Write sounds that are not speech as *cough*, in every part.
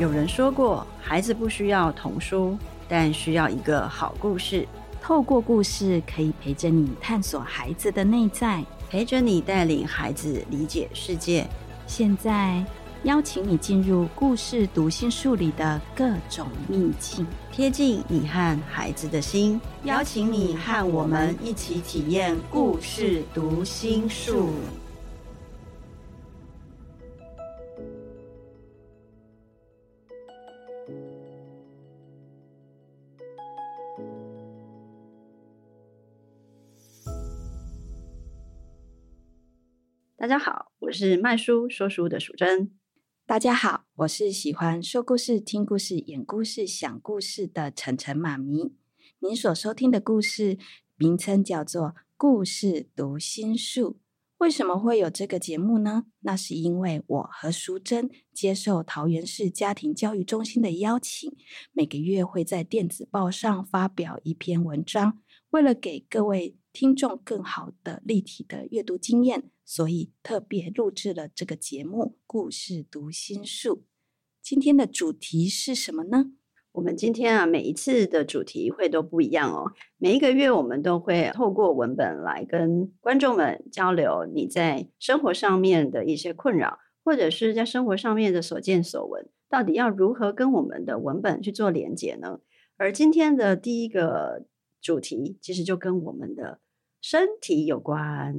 有人說過，孩子不需要童書，但需要一個好故事。透過故事，可以陪着你探索孩子的內在，陪着你帶領孩子理解世界。現在邀請你進入故事讀心術裡的各種秘境，貼近你和孩子的心。邀請你和我們一起體驗故事讀心術。我是賣書說書的淑貞。大家好，我是喜歡說故事、聽故事、演故事、想故事的晨晨媽咪。您所收聽的故事名稱叫做《故事讀心術》，為什麼會有這個節目呢？那是因為我和淑貞接受桃園市家庭教育中心的邀請，每個月會在電子報上發表一篇文章，為了給各位。聽眾更好的立體的閱讀經驗，所以特別錄製了這個節目《故事讀心術》。今天的主題是什麼呢？我們今天啊，每一次的主題會都不一樣哦。每一個月我們都會透過文本來跟觀眾們交流你在生活上面的一些困擾，或者是在生活上面的所見所聞，到底要如何跟我們的文本去做連接呢？而今天的第一個。主題其實就跟我們的身體有關。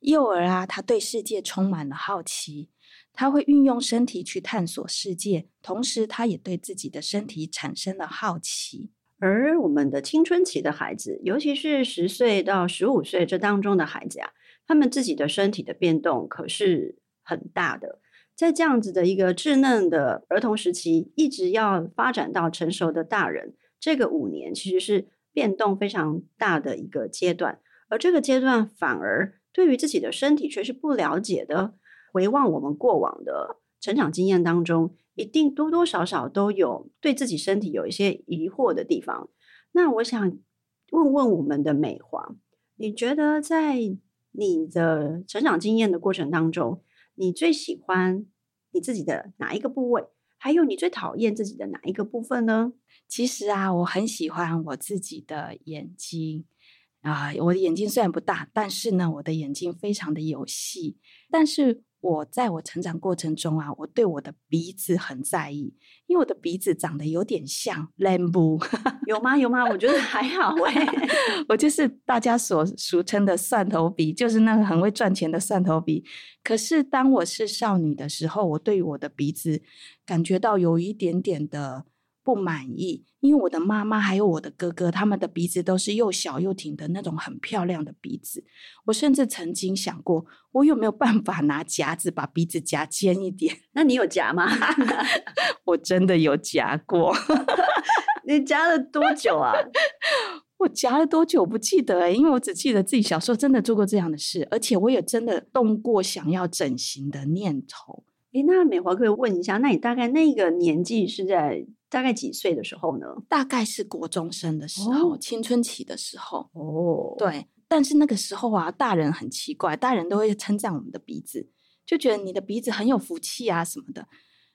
幼兒啊，他對世界充滿了好奇，他會運用身體去探索世界，同時他也對自己的身體產生了好奇。而我們的青春期的孩子，尤其是十歲到十五歲這當中的孩子啊，他們自己的身體的變動可是很大的。在這樣子的一個稚嫩的兒童時期，一直要發展到成熟的大人，這個五年其實是。變動非常大的一個階段，而這個階段反而對於自己的身體卻是不了解的。回望我們過往的成長經驗當中，一定多多少少都有對自己身體有一些疑惑的地方。那我想問問我們的美華，你覺得在你的成長經驗的過程當中，你最喜歡你自己的哪一個部位？還有你最討厭自己的哪一個部分呢？其實啊，我很喜歡我自己的眼睛。啊，uh, 我的眼睛雖然不大，但是呢，我的眼睛非常的有戲。但是我在我成長過程中啊，我對我的鼻子很在意，因為我的鼻子長得有點像蘭布， *laughs* 有嗎？有嗎？我覺得還好喂， *laughs* *laughs* 我就是大家所俗稱的蒜頭鼻，就是那個很會賺錢的蒜頭鼻。可是當我是少女的時候，我對我的鼻子感覺到有一點點的。不滿意，因為我的媽媽還有我的哥哥，他們的鼻子都是又小又挺的那種很漂亮的鼻子。我甚至曾經想過，我有沒有辦法拿夾子把鼻子夾尖一點？那你有夾嗎？ *laughs* *laughs* 我真的有夾過。 *laughs* 你夾了多久啊？ *laughs* 我夾了多久不記得欸，因為我只記得自己小時候真的做過這樣的事，而且我也真的動過想要整形的念頭。誒，那美華可以問一下，那你大概那個年紀是在大概幾歲的時候呢？大概是國中生的時候，oh. 青春期的時候。哦，oh. 對，但是那個時候啊，大人很奇怪，大人都會稱讚我們的鼻子，就覺得你的鼻子很有福氣啊什麼的。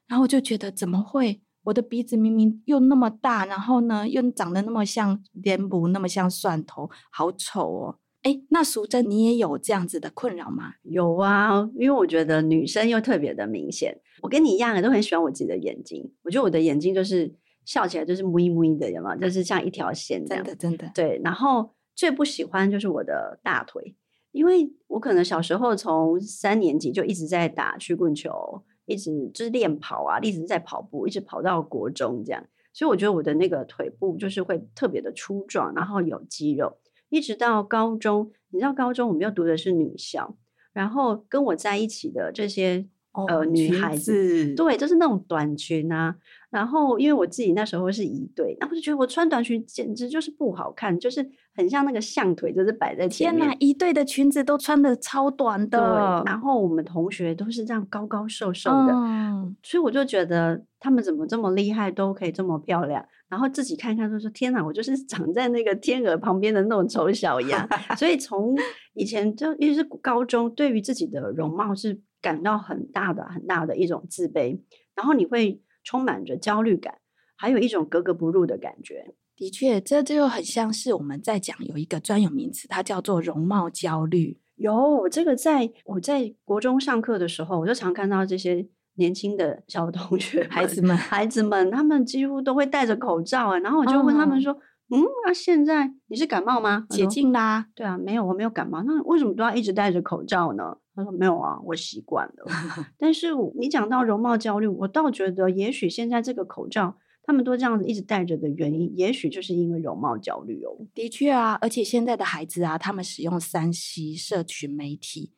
然後我就覺得，怎麼會我的鼻子明明又那麼大，然後呢又長得那麼像臉部，那麼像蒜頭，好醜哦。哎，那淑貞，你也有這樣子的困擾嗎？有啊，因為我覺得女生又特別的明顯。我跟你一樣的，都很喜歡我自己的眼睛。我覺得我的眼睛就是笑起來就是眯眯的，有嗎？就是像一條線這樣。嗯，真的，真的。對。然後最不喜歡就是我的大腿，因為我可能小時候從三年級就一直在打曲棍球，一直就是練跑啊，一直在跑步，一直跑到國中這樣。所以我覺得我的那個腿部就是會特別的粗壯，然後有肌肉。一直到高中，你知道高中我們又讀的是女校，然後跟我在一起的這些、哦、呃女孩子，對，就是那種短裙啊。然後因為我自己那時候是儀隊，那我就覺得我穿短裙簡直就是不好看，就是很像那個象腿，就是擺在前面。天哪，儀隊的裙子都穿的超短的，然後我們同學都是這樣高高瘦瘦的，嗯、所以我就覺得他們怎麼這麼厲害，都可以這麼漂亮。然後自己看看，就是，都說天哪，我就是長在那個天鵝旁邊的那種醜小鴨。 *laughs* 所以從以前就，尤其是高中，對於自己的容貌是感到很大的，很大的一種自卑，然後你會充滿着焦慮感，還有一種格格不入的感覺。的確，這就很像是我們在講有一個專有名詞，它叫做容貌焦慮。有這個在，在我在國中上課的時候，我就常看到這些。年輕的小同學、孩子們、孩子們，他們幾乎都會戴着口罩，然後我就問他們說：“嗯，那、嗯啊、現在你是感冒嗎？”“解禁啦、啊，對啊，沒有，我沒有感冒。”“那為什麼都要一直戴着口罩呢？”他說：“沒有啊，我習慣了。” *laughs* 但是你講到容貌焦慮，我倒覺得，也許現在這個口罩他們都這樣子一直戴着的原因，也許就是因為容貌焦慮哦。的確啊，而且現在的孩子啊，他們使用三 C 社群媒體，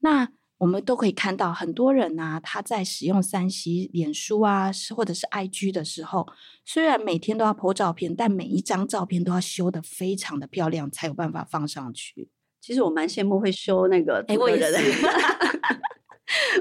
那。我們都可以看到很多人呢、啊，他在使用 3C、臉書啊，或者是 IG 的時候，雖然每天都要拍照片，但每一張照片都要修得非常的漂亮，才有辦法放上去。其實我蠻羨慕會修那個的人。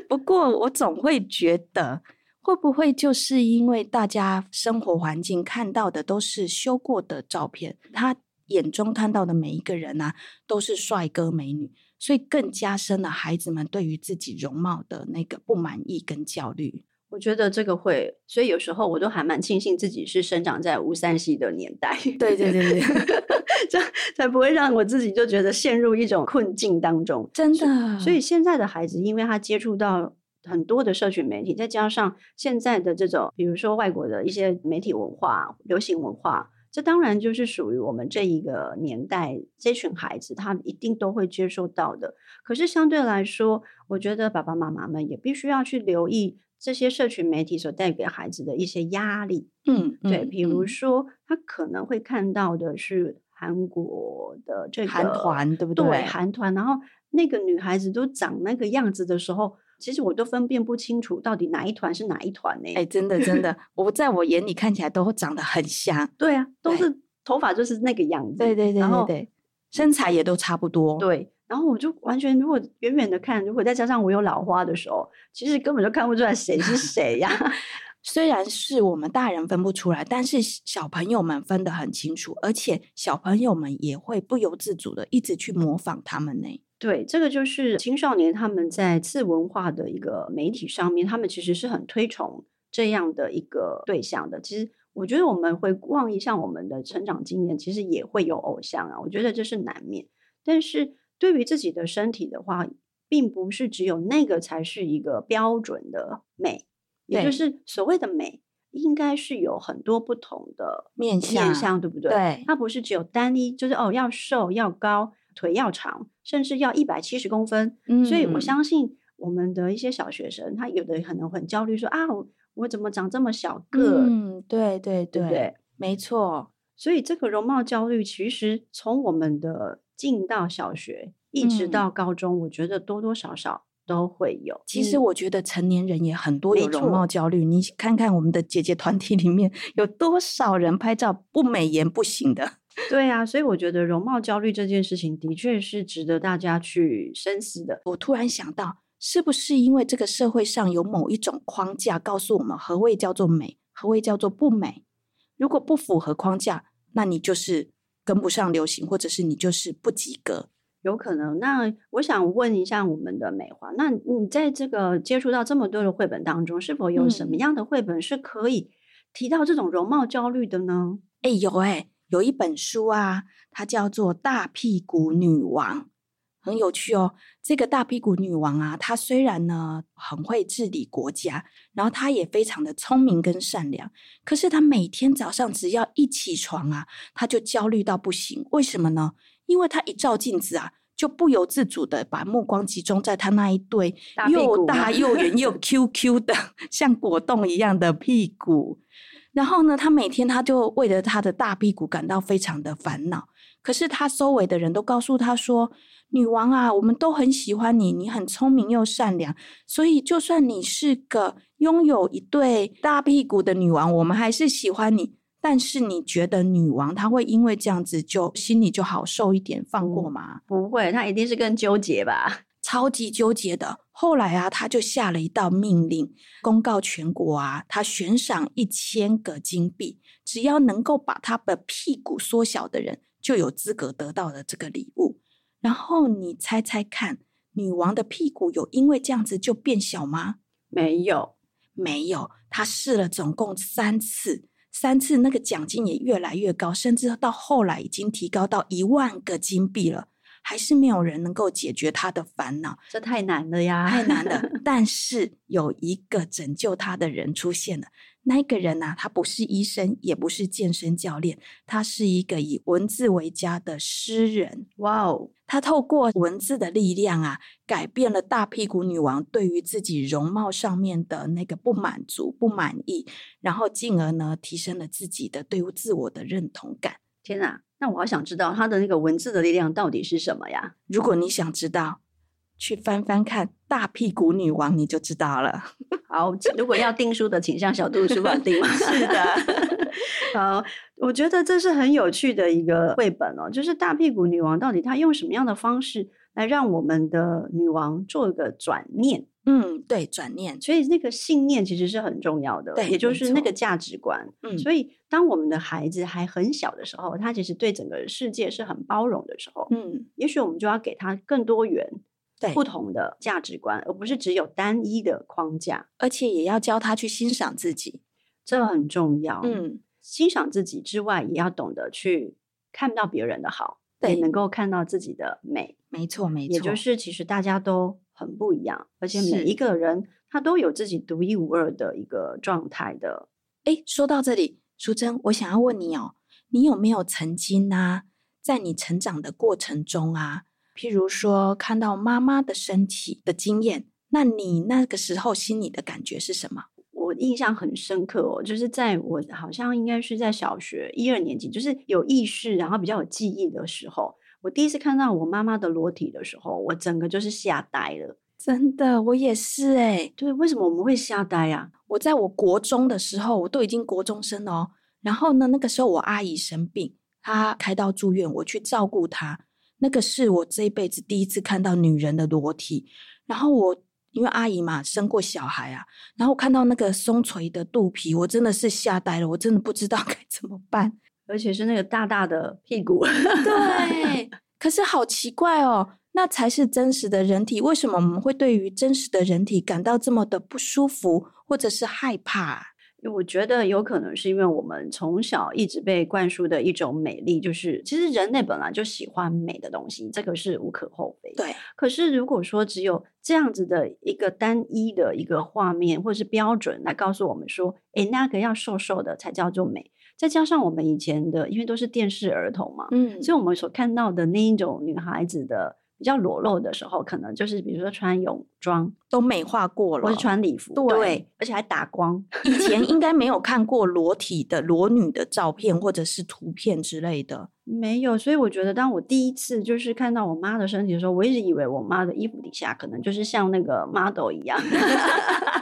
不過我總會覺得，會不會就是因為大家生活環境看到的都是修過的照片，它眼中看到的每一個人啊，都是帥哥美女，所以更加深了孩子們對於自己容貌的那個不滿意跟焦慮。我覺得這個會，所以有時候我都還蠻慶幸自己是生長在無三 C 的年代。對對對對， *laughs* 這樣才不會讓我自己就覺得陷入一種困境當中。真的。所以，所以現在的孩子，因為他接觸到很多的社群媒體，再加上現在的這種，比如說外國的一些媒體文化、流行文化。這當然就是屬於我們這一個年代，這群孩子他們一定都會接收到的。可是相對來說，我覺得爸爸媽媽們也必須要去留意這些社群媒體所帶給孩子的一些壓力。嗯，對，嗯，比如說他可能會看到的是韓國的這個韓團，對不對？對，韓團，然後那個女孩子都長那個樣子的時候。其實我都分辨不清楚到底哪一團是哪一團呢？哎，真的真的，我 *laughs* 在我眼裡看起來都長得很像。對啊，都是對頭髮就是那個樣子。對對對，後對對對，身材也都差不多。對，然後我就完全如果遠遠的看，如果再加上我有老花的時候，其實根本就看不出來誰是誰呀、啊。 *laughs* 雖然是我們大人分不出來，但是小朋友們分得很清楚，而且小朋友們也會不由自主的一直去模仿他們呢、欸。對，這個就是青少年他們在次文化的一個媒體上面，他們其實是很推崇這樣的一個對象的。其實我覺得我們回望一下我們的成長經驗，其實也會有偶像啊。我覺得這是難免。但是對於自己的身體的話，並不是只有那個才是一個標準的美，對也就是所謂的美，應該是有很多不同的面像面向，對不對？對，它不是只有單一，就是哦，要瘦要高，腿要長，甚至要一百七十公分，嗯、所以我相信我們的一些小學生，他有的可能很焦慮說，說啊，我我怎麼長這麼小個？嗯，對對對，對對沒錯。所以這個容貌焦慮，其實從我們的進到小學，一直到高中，嗯、我覺得多多少少都會有。其實我覺得成年人也很多、嗯、有容貌焦慮，沒錯。你看看我們的姐姐團體裡面有多少人拍照不美顏不行的。 *laughs* 對啊，所以我覺得容貌焦慮這件事情的確是值得大家去深思的。我突然想到，是不是因為這個社會上有某一種框架告訴我們何謂叫做美，何謂叫做不美？如果不符合框架，那你就是跟不上流行，或者是你就是不及格。有可能。那我想問一下我們的美華，那你在這個接觸到這麼多的繪本當中，是否有什麼樣的繪本是可以提到這種容貌焦慮的呢？哎、嗯，有哎、欸。有一本書啊，它叫做《大屁股女王》，很有趣哦。這個大屁股女王啊，她雖然呢很會治理國家，然後她也非常的聰明跟善良，可是她每天早上只要一起床啊，她就焦慮到不行。為什麼呢？因為她一照鏡子啊，就不由自主地把目光集中在她那一對又大又圓又 Q Q 的大屁股 *laughs* 像果凍一樣的屁股。然後呢，他每天他就為了他的大屁股感到非常的煩惱。可是他周圍的人都告訴他說：“女王啊，我們都很喜歡你，你很聰明又善良，所以就算你是個擁有一對大屁股的女王，我們還是喜歡你。”但是你覺得女王她會因為這樣子就心裡就好受一點放過嗎？嗯，不會，她一定是更糾結吧。超級糾結的。後來啊，他就下了一道命令，公告全國啊，他懸賞一千個金幣，只要能夠把他的屁股縮小的人，就有資格得到了這個禮物。然後你猜猜看，女王的屁股有因為這樣子就變小嗎？沒有，沒有。他試了總共三次，三次那個獎金也越來越高，甚至到後來已經提高到一萬個金幣了。還是沒有人能夠解決他的煩惱，這太難了呀！ *laughs* 太難了。但是有一個拯救他的人出現了，那個人啊，他不是醫生，也不是健身教練，他是一個以文字為家的詩人。哇哦 Wow！他透過文字的力量啊，改變了大屁股女王對於自己容貌上面的那個不滿足、不滿意，然後進而呢，提升了自己的對於自我的認同感。天哪、啊，那我好想知道他的那個文字的力量到底是什麼呀？如果你想知道，去翻翻看《大屁股女王》，你就知道了。 *laughs* 好，如果要訂書的，請向小兔子書坊訂。 *laughs* 是的 *laughs* 好，我覺得這是很有趣的一個繪本哦，就是《大屁股女王》到底她用什麼樣的方式來讓我們的女王做一個轉念？嗯，對，轉念，所以那個信念其實是很重要的，對也就是那個價值觀。嗯，所以。當我們的孩子還很小的時候，他其實對整個世界是很包容的時候。嗯，也許我們就要給他更多元、對不同的價值觀，對而不是只有單一的框架。而且也要教他去欣賞自己，這很重要。嗯，欣賞自己之外，也要懂得去看到別人的好，對，能夠看到自己的美。沒錯，沒錯。也就是其實大家都很不一樣，而且每一個人是他都有自己獨一無二的一個狀態的。哎，說到這裡。淑貞，我想要問你哦，你有沒有曾經吶、啊，在你成長的過程中啊，譬如說看到媽媽的身體的經驗，那你那個時候心裡的感覺是什麼？我印象很深刻哦，就是在我好像應該是在小學一二年級，就是有意識然後比較有記憶的時候，我第一次看到我媽媽的裸體的時候，我整個就是嚇呆了。真的，我也是誒、欸、對，為什麼我們會嚇呆呀、啊？我在我國中的時候，我都已經國中生了哦。然後呢，那個時候我阿姨生病，她開刀住院，我去照顧她。那個是我這一輩子第一次看到女人的裸體。然後我因為阿姨嘛生過小孩啊，然後我看到那個鬆垂的肚皮，我真的是嚇呆了，我真的不知道該怎麼辦。而且是那個大大的屁股。 *laughs* 對， *laughs* 可是好奇怪哦。那才是真實的人體。為什麼我們會對於真實的人體感到這麼的不舒服，或者是害怕？我覺得有可能是因為我們從小一直被灌輸的一種美麗，就是其實人類本來就喜歡美的東西，這個是無可厚非。對。可是如果說只有這樣子的一個單一的一個畫面，或是標準來告訴我們說，哎、欸，那個要瘦瘦的才叫做美。再加上我們以前的，因為都是電視兒童嘛，嗯，所以我們所看到的那一種女孩子的。比較裸露的時候，可能就是比如說穿泳裝都美化過了，或是穿禮服，對，對而且還打光。以前應該沒有看過裸體的裸女的照片或者是圖片之類的， *laughs* 沒有。所以我覺得，當我第一次就是看到我媽的身體的時候，我一直以為我媽的衣服底下可能就是像那個 model 一樣。 *laughs*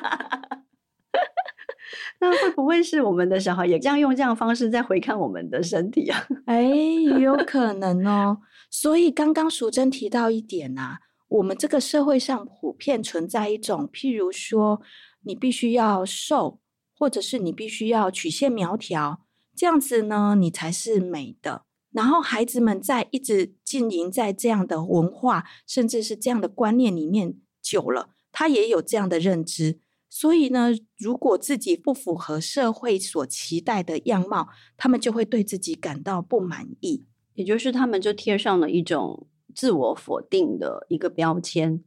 那會不會是我們的小孩也這樣用這樣的方式在回看我們的身體啊？哎、 *laughs* 欸，有可能哦、喔。所以剛剛淑貞提到一點啊，我們這個社會上普遍存在一種，譬如說，你必須要瘦，或者是你必須要曲線苗條，這樣子呢，你才是美的。然後孩子們在一直浸淫在這樣的文化，甚至是這樣的觀念裡面久了，他也有這樣的認知。所以呢，如果自己不符合社會所期待的樣貌，他們就會對自己感到不滿意，也就是他們就貼上了一種自我否定的一個標籤。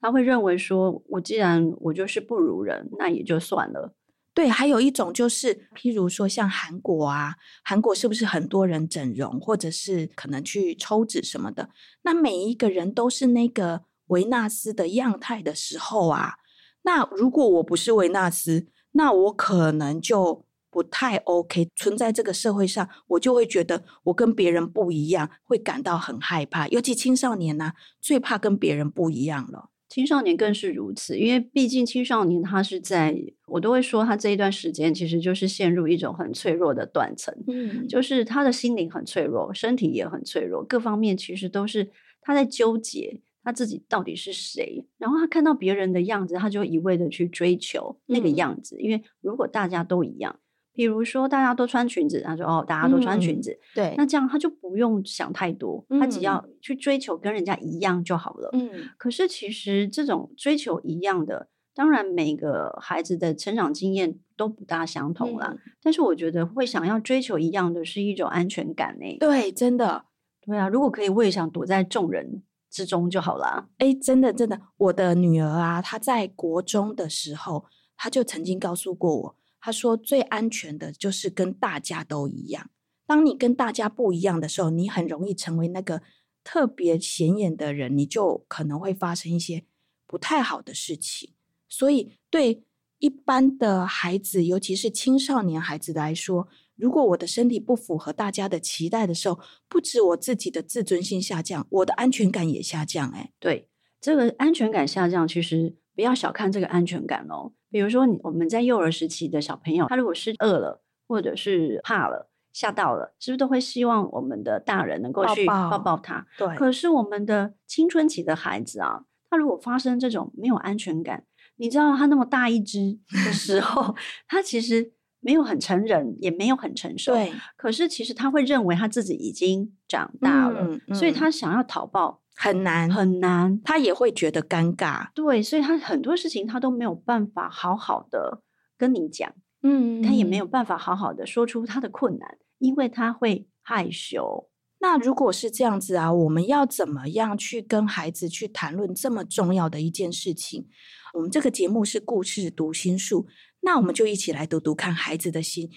他會認為說：“我既然我就是不如人，那也就算了。”對，還有一種就是，譬如說像韓國啊，韓國是不是很多人整容，或者是可能去抽脂什麼的？那每一個人都是那個維納斯的樣態的時候啊。那如果我不是維納斯，那我可能就不太 OK，存在這個社會上，我就會覺得我跟別人不一樣，會感到很害怕。尤其青少年呢、啊，最怕跟別人不一樣了。青少年更是如此，因為畢竟青少年他是在我都會說，他這一段時間其實就是陷入一種很脆弱的斷層，嗯，就是他的心靈很脆弱，身體也很脆弱，各方面其實都是他在糾結。他自己到底是誰？然後他看到別人的樣子，他就一味的去追求那個樣子。嗯、因為如果大家都一樣，比如說大家都穿裙子，他說哦，大家都穿裙子，嗯嗯對，那這樣他就不用想太多，他只要去追求跟人家一樣就好了。嗯，可是其實這種追求一樣的，當然每個孩子的成長經驗都不大相同啦。嗯、但是我覺得會想要追求一樣的是一種安全感呢、欸。對，真的，對啊。如果可以，我也想躲在眾人之中就好了。哎，真的真的，我的女兒啊，她在國中的時候，她就曾經告訴過我，她說，最安全的就是跟大家都一樣。當你跟大家不一樣的時候，你很容易成為那個特別顯眼的人，你就可能會發生一些不太好的事情。所以對一般的孩子，尤其是青少年孩子來說，如果我的身體不符合大家的期待的時候，不止我自己的自尊心下降，我的安全感也下降，欸。哎，對，這個安全感下降，其實不要小看這個安全感哦。比如說，我們在幼兒時期的小朋友，他如果是餓了，或者是怕了、嚇到了，是不是都會希望我們的大人能夠去抱抱他？對抱。可是我們的青春期的孩子啊，對他如果發生這種沒有安全感，你知道他那麼大一隻的時候， *laughs* 他其實。沒有很成人，也沒有很成熟。對，可是其實他會認為他自己已經長大了，嗯，所以他想要逃跑很難很難，很難他也會覺得尷尬。對，所以他很多事情他都沒有辦法好好的跟你講，嗯，他也沒有辦法好好的說出他的困難，因為他會害羞。那如果是這樣子啊，我們要怎麼樣去跟孩子去談論這麼重要的一件事情？我們這個節目是故事讀心術。那我們就一起來讀讀看孩子的心，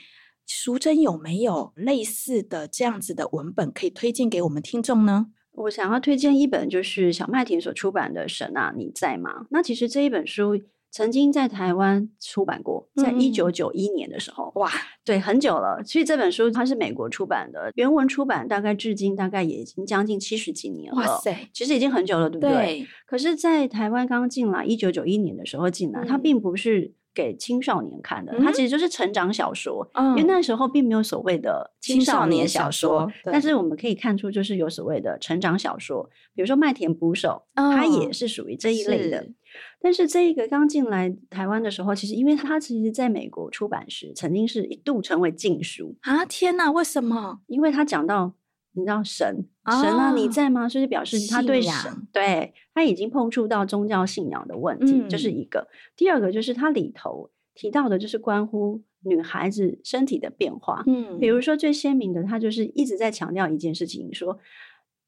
淑貞，有沒有類似的這樣子的文本可以推薦給我們聽眾呢？我想要推薦一本，就是小麥田所出版的《神啊，你在嗎》。那其實這一本書曾經在台灣出版過，在一九九一年的時候，嗯，哇，對，很久了。其實這本書它是美國出版的，原文出版大概至今大概也已經將近七十幾年了。哇塞，其實已經很久了，對不對？對，可是在台灣剛進來一九九一年的時候進來，嗯、它並不是。給青少年看的，它其實就是成長小說。嗯、因為那時候並沒有所謂的青少年小說，小說對但是我們可以看出，就是有所謂的成長小說，比如說《麥田捕手》哦，它也是屬於這一類的。是。但是這一個剛進來台灣的時候，其實因為它其實在美國出版時，曾經是一度成為禁書啊！天哪，為什麼？因為它講到。你知道神、哦、神啊，你在嗎？所以就表示他對神，信仰、對他已經碰觸到宗教信仰的問題，嗯、就是一個。第二個就是他裡頭提到的，就是關乎女孩子身體的變化。嗯，比如說最鮮明的，他就是一直在強調一件事情，說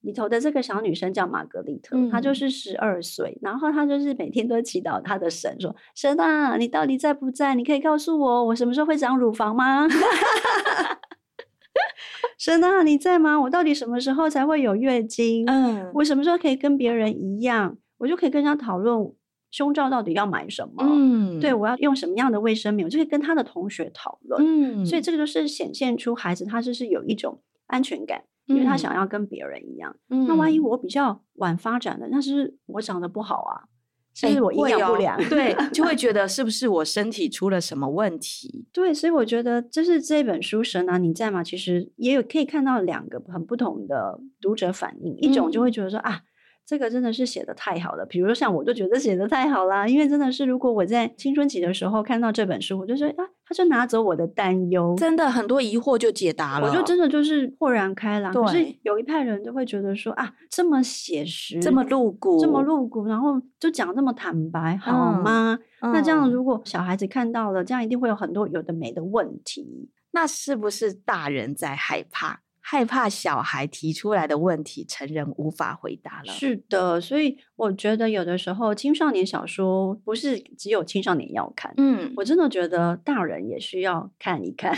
裡頭的這個小女生叫瑪格麗特，嗯、她就是十二歲，然後她就是每天都祈禱她的神說：“神啊，你到底在不在？你可以告訴我，我什麼時候會長乳房嗎？” *laughs* 神啊，你在嗎？我到底什麼時候才會有月經？嗯，我什麼時候可以跟別人一樣？我就可以跟他討論胸罩到底要買什麼？嗯，對，我要用什麼樣的衛生棉？我就可以跟他的同學討論。嗯，所以這個就是顯現出孩子他就是有一種安全感，因為他想要跟別人一樣。嗯，那萬一我比較晚發展的，那是我長得不好啊。是不是我營養不良？欸、對，就會覺得是不是我身體出了什麼問題？ *laughs* 對，所以我覺得就是這本書《神啊，你在嗎》？其實也有可以看到兩個很不同的讀者反應，一種就會覺得說、嗯、啊。這個真的是寫得太好了，比如說像我，就覺得寫得太好啦，因為真的是，如果我在青春期的時候看到這本書，我就覺得啊，他就拿走我的擔憂，真的很多疑惑就解答了，我就真的就是豁然開朗。可對是有一派人就會覺得說啊，這麼寫實，這麼露骨，這麼露骨，然後就講這麼坦白，好嗎？嗯、那這樣如果小孩子看到了，這樣一定會有很多有的沒的問題，那是不是大人在害怕？害怕小孩提出來的問題，成人無法回答了。是的，所以我覺得有的時候青少年小說不是只有青少年要看，嗯，我真的覺得大人也需要看一看。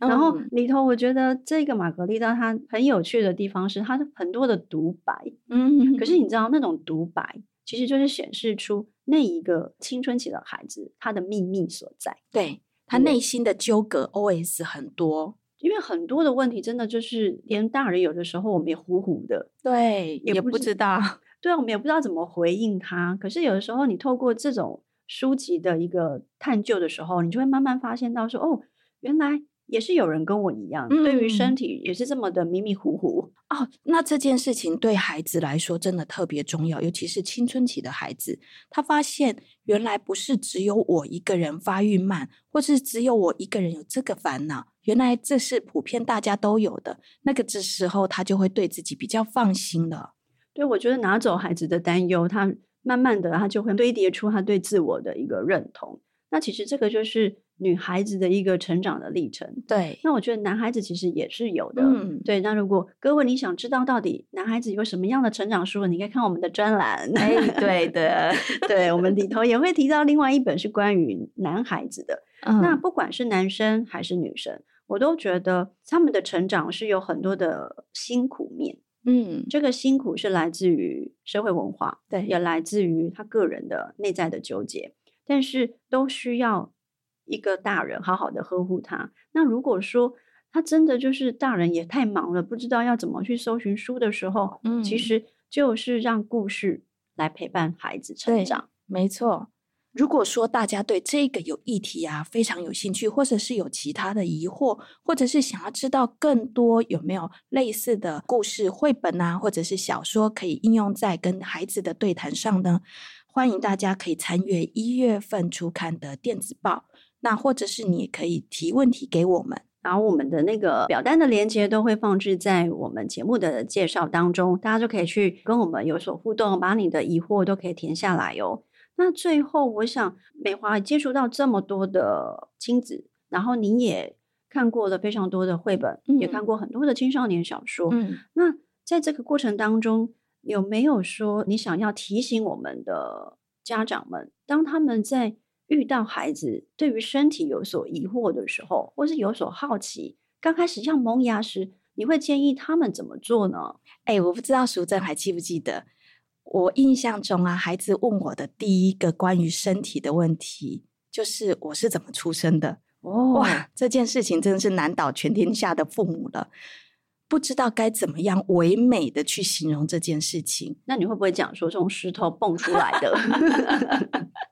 嗯、然後裡頭，我覺得這個瑪格麗特她很有趣的地方是，她很多的獨白，嗯呵呵，可是你知道那種獨白其實就是顯示出那一個青春期的孩子他的秘密所在，對他、嗯、內心的糾葛，O S 很多。因為很多的問題，真的就是連大人有的時候我們也糊糊的，對，也不知道，對，我們也不知道怎麼回應他。可是有的時候，你透過這種書籍的一個探究的時候，你就會慢慢發現到說，哦，原來也是有人跟我一樣，嗯、對於身體也是這麼的迷迷糊糊哦，那這件事情對孩子來說真的特別重要，尤其是青春期的孩子，他發現原來不是只有我一個人發育慢，或是只有我一個人有這個煩惱。原來這是普遍大家都有的那個，這時候他就會對自己比較放心了。對，我覺得拿走孩子的擔憂，他慢慢的他就會堆疊出他對自我的一個認同。那其實這個就是女孩子的一個成長的歷程。對，那我覺得男孩子其實也是有的。嗯、對，那如果各位你想知道到底男孩子有什麼樣的成長書，你應該看我們的專欄。哎 *laughs* ，hey, 對的， *laughs* 對，我們裡頭也會提到另外一本是關於男孩子的。嗯、那不管是男生還是女生。我都覺得他們的成長是有很多的辛苦面，嗯，這個辛苦是來自於社會文化，對，也來自於他個人的內在的糾結，但是都需要一個大人好好的呵護他。那如果說他真的就是大人也太忙了，不知道要怎麼去搜尋書的時候，嗯，其實就是讓故事來陪伴孩子成長，沒錯。如果說大家對這個有議題啊，非常有興趣，或者是有其他的疑惑，或者是想要知道更多，有沒有類似的故事繪本啊，或者是小說可以應用在跟孩子的對談上呢？歡迎大家可以參閱一月份出刊的電子報，那或者是你也可以提問題給我們，然後我們的那個表單的鏈接都會放置在我們節目的介紹當中，大家就可以去跟我們有所互動，把你的疑惑都可以填下來喲、哦。那最後，我想美華接觸到這麼多的親子，然後你也看過了非常多的繪本，嗯、也看過很多的青少年小說。嗯、那在這個過程當中，有沒有說你想要提醒我們的家長們，當他們在遇到孩子對於身體有所疑惑的時候，或是有所好奇，剛開始要萌芽時，你會建議他們怎麼做呢？哎、欸，我不知道淑貞還記不記得。我印象中啊，孩子問我的第一個關於身體的問題，就是我是怎麼出生的。Oh. 哇，這件事情真的是難倒全天下的父母了，不知道該怎麼樣唯美的去形容這件事情。那你會不會講說，從石頭蹦出來的？ *laughs* *laughs*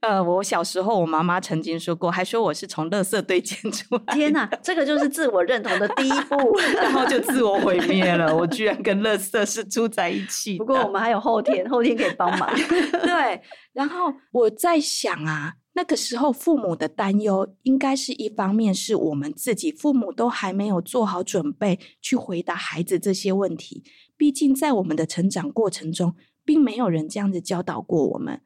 呃，我小時候，我媽媽曾經說過，還說我是從垃圾堆撿出來。天哪，這個就是自我認同的第一步， *laughs* 然後就自我毀滅了。 *laughs* 我居然跟垃圾是住在一起。不過我們還有後天， *laughs* 後天可以幫忙。 *laughs* 對，然後我在想啊，那個時候父母的擔憂，應該是一方面是我們自己父母都還沒有做好準備去回答孩子這些問題。畢竟在我們的成長過程中，並沒有人這樣子教導過我們。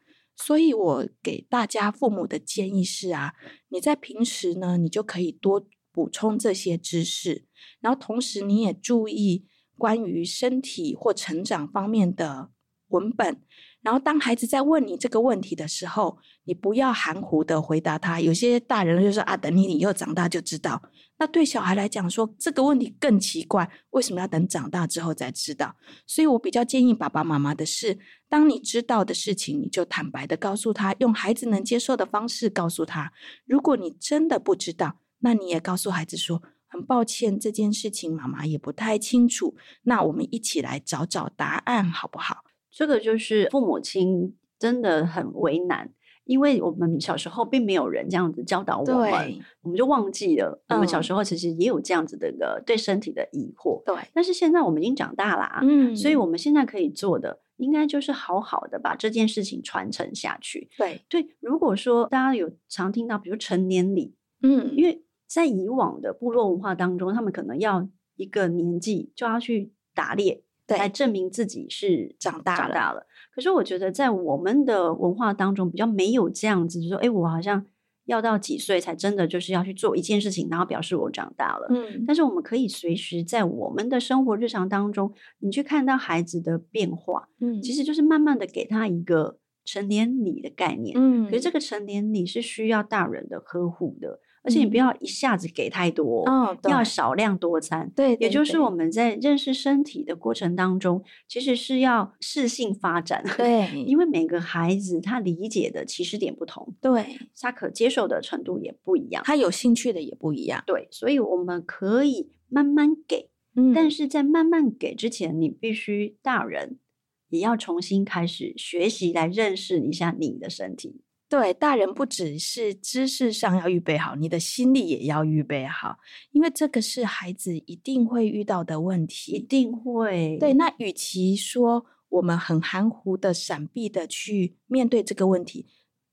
所以我給大家父母的建議是啊，你在平時呢，你就可以多補充這些知識，然後同時你也注意關於身體或成長方面的文本。然後，當孩子在問你這個問題的時候，你不要含糊的回答他。有些大人就說：“啊，等你以後長大就知道。”那對小孩來講說，說這個問題更奇怪，為什麼要等長大之後才知道？所以，我比較建議爸爸媽媽的是：當你知道的事情，你就坦白的告訴他，用孩子能接受的方式告訴他。如果你真的不知道，那你也告訴孩子說：“很抱歉，這件事情媽媽也不太清楚。那我們一起來找找答案，好不好？”這個就是父母親真的很為難，因為我們小時候並沒有人這樣子教導我們，對我們就忘記了。我們小時候其實也有這樣子的一個對身體的疑惑，對。但是現在我們已經長大了啊，嗯，所以我們現在可以做的，應該就是好好的把這件事情傳承下去。對對，如果說大家有常聽到，比如成年禮，嗯，因為在以往的部落文化當中，他們可能要一個年紀就要去打獵。來對證明自己是長大了，長大了。可是我覺得，在我們的文化當中，比較沒有這樣子，就是說，哎，我好像要到幾歲才真的就是要去做一件事情，然後表示我長大了。嗯，但是我們可以隨時在我們的生活日常當中，你去看到孩子的變化，嗯，其實就是慢慢的給他一個成年禮的概念，嗯，可是這個成年禮是需要大人的呵護的。而且你不要一下子給太多，哦、要少量多餐。對，對，對，也就是我們在認識身體的過程當中，其實是要適性發展。對，因為每個孩子他理解的起始點不同，對，他可接受的程度也不一樣，他有興趣的也不一樣。對，所以我們可以慢慢給，嗯、但是在慢慢給之前，你必須大人也要重新開始學習來認識一下你的身體。對，大人不只是知識上要預備好，你的心理也要預備好，因為這個是孩子一定會遇到的問題，一定會。對，那與其說我們很含糊的、閃避的去面對這個問題，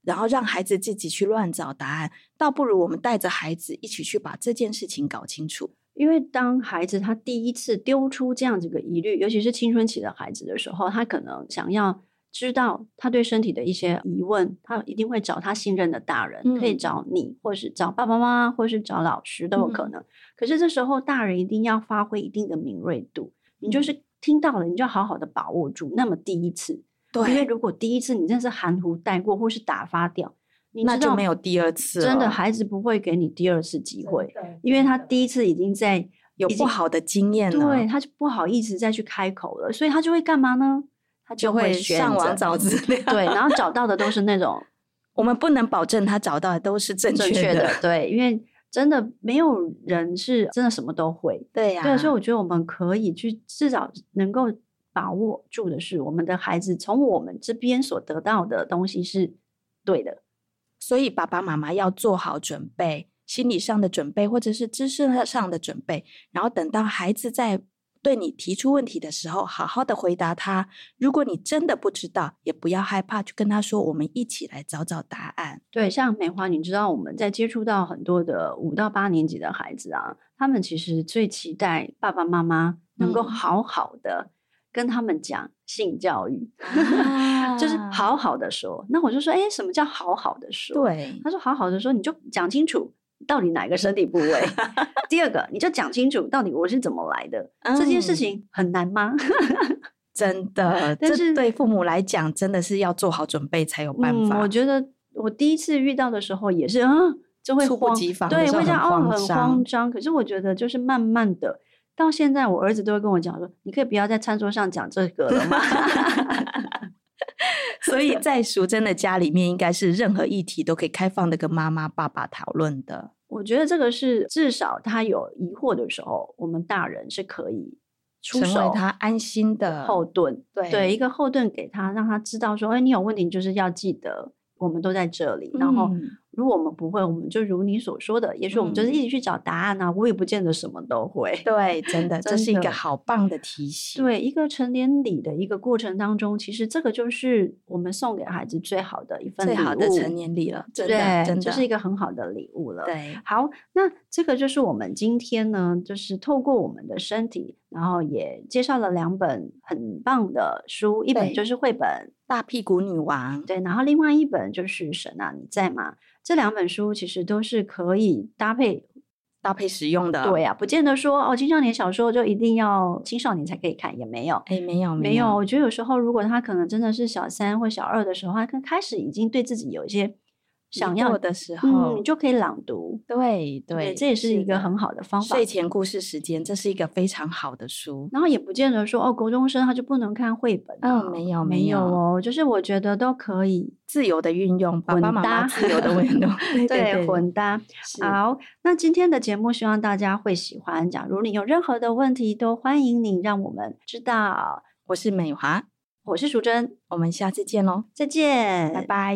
然後讓孩子自己去亂找答案，倒不如我們帶着孩子一起去把這件事情搞清楚。因為當孩子他第一次丟出這樣子的疑慮，尤其是青春期的孩子的時候，他可能想要。知道他對身體的一些疑問，他一定會找他信任的大人，嗯、可以找你，或是找爸爸媽媽，或是找老師都有可能。嗯、可是這時候，大人一定要發揮一定的敏銳度。嗯、你就是聽到了，你就好好的把握住。那麼第一次，對，因為如果第一次你真是含糊帶過或是打發掉，那就沒有第二次。真的，孩子不會給你第二次機會，嗯、因為他第一次已經在有不好的經驗了，對，他就不好意思再去開口了，所以他就會幹嘛呢？他就會，就會上網找資料， *laughs* 對，然後找到的都是那種， *laughs* 我們不能保證他找到的都是正確的，對的，對，因為真的沒有人是真的什麼都會，對呀、啊，對，所以我覺得我們可以去至少能夠把握住的是，我們的孩子從我們這邊所得到的東西是對的，所以爸爸媽媽要做好準備，心理上的準備或者是知識上的準備，然後等到孩子在，對你提出問題的時候，好好的回答他。如果你真的不知道，也不要害怕，去跟他說，我們一起來找找答案。對，像美華，你知道我們在接觸到很多的五到八年級的孩子啊，他們其實最期待爸爸媽媽能夠好好的跟他們講性教育，嗯、 *laughs* 就是好好的說。那我就說，哎，什麼叫好好的說？對，他說好好的說，你就講清楚。到底哪個身體部位？ *laughs* 第二個，你就講清楚到底我是怎麼來的。嗯、這件事情很難嗎？ *laughs* 真的，但是這對父母來講，真的是要做好準備才有辦法。嗯、我覺得我第一次遇到的時候也是啊，就會慌。猝不及防，對，會這樣哦，很慌張。可是我覺得就是慢慢的，到現在我兒子都會跟我講說，你可以不要在餐桌上講這個了嗎？ *laughs* *laughs* 所以在淑貞的家裡面，應該是任何議題都可以開放的跟媽媽、爸爸討論的。我覺得這個是至少他有疑惑的時候，我們大人是可以出手，他安心的後盾。對對，對一個後盾給他，讓他知道說，哎、欸，你有問題就是要記得，我們都在這裡，嗯、然後。如果我們不會，我們就如你所說的，也許我們就是一起去找答案呢、啊。嗯、我也不見得什麼都會。對，真的，真的，這是一個好棒的提醒。對，一個成年禮的一個過程當中，其實這個就是我們送給孩子最好的一份禮物，好的成年禮了。對真的，這對的是一個很好的禮物了。對，好，那這個就是我們今天呢，就是透過我們的身體。然後也介紹了兩本很棒的書，一本就是繪本《大屁股女王》，對，然後另外一本就是《神啊，你在嗎》。這兩本書其實都是可以搭配搭配使用的。對啊，不見得說哦，青少年小說就一定要青少年才可以看，也沒有，哎，沒有，沒有，沒有。我覺得有時候如果他可能真的是小三或小二的時候，他剛開始已經對自己有一些。想要的時候，嗯，你就可以朗讀。對對，這也是一個很好的方法。睡前故事時間，這是一個非常好的書。然後也不見得說哦，國中生他就不能看繪本。嗯，沒有沒有哦，就是我覺得都可以自由的運用，爸爸媽媽自由的運用，對對，混搭。好，那今天的節目希望大家會喜歡。假如你有任何的問題，都歡迎你讓我們知道。我是美華，我是淑貞，我們下次見嘍，再見，拜拜。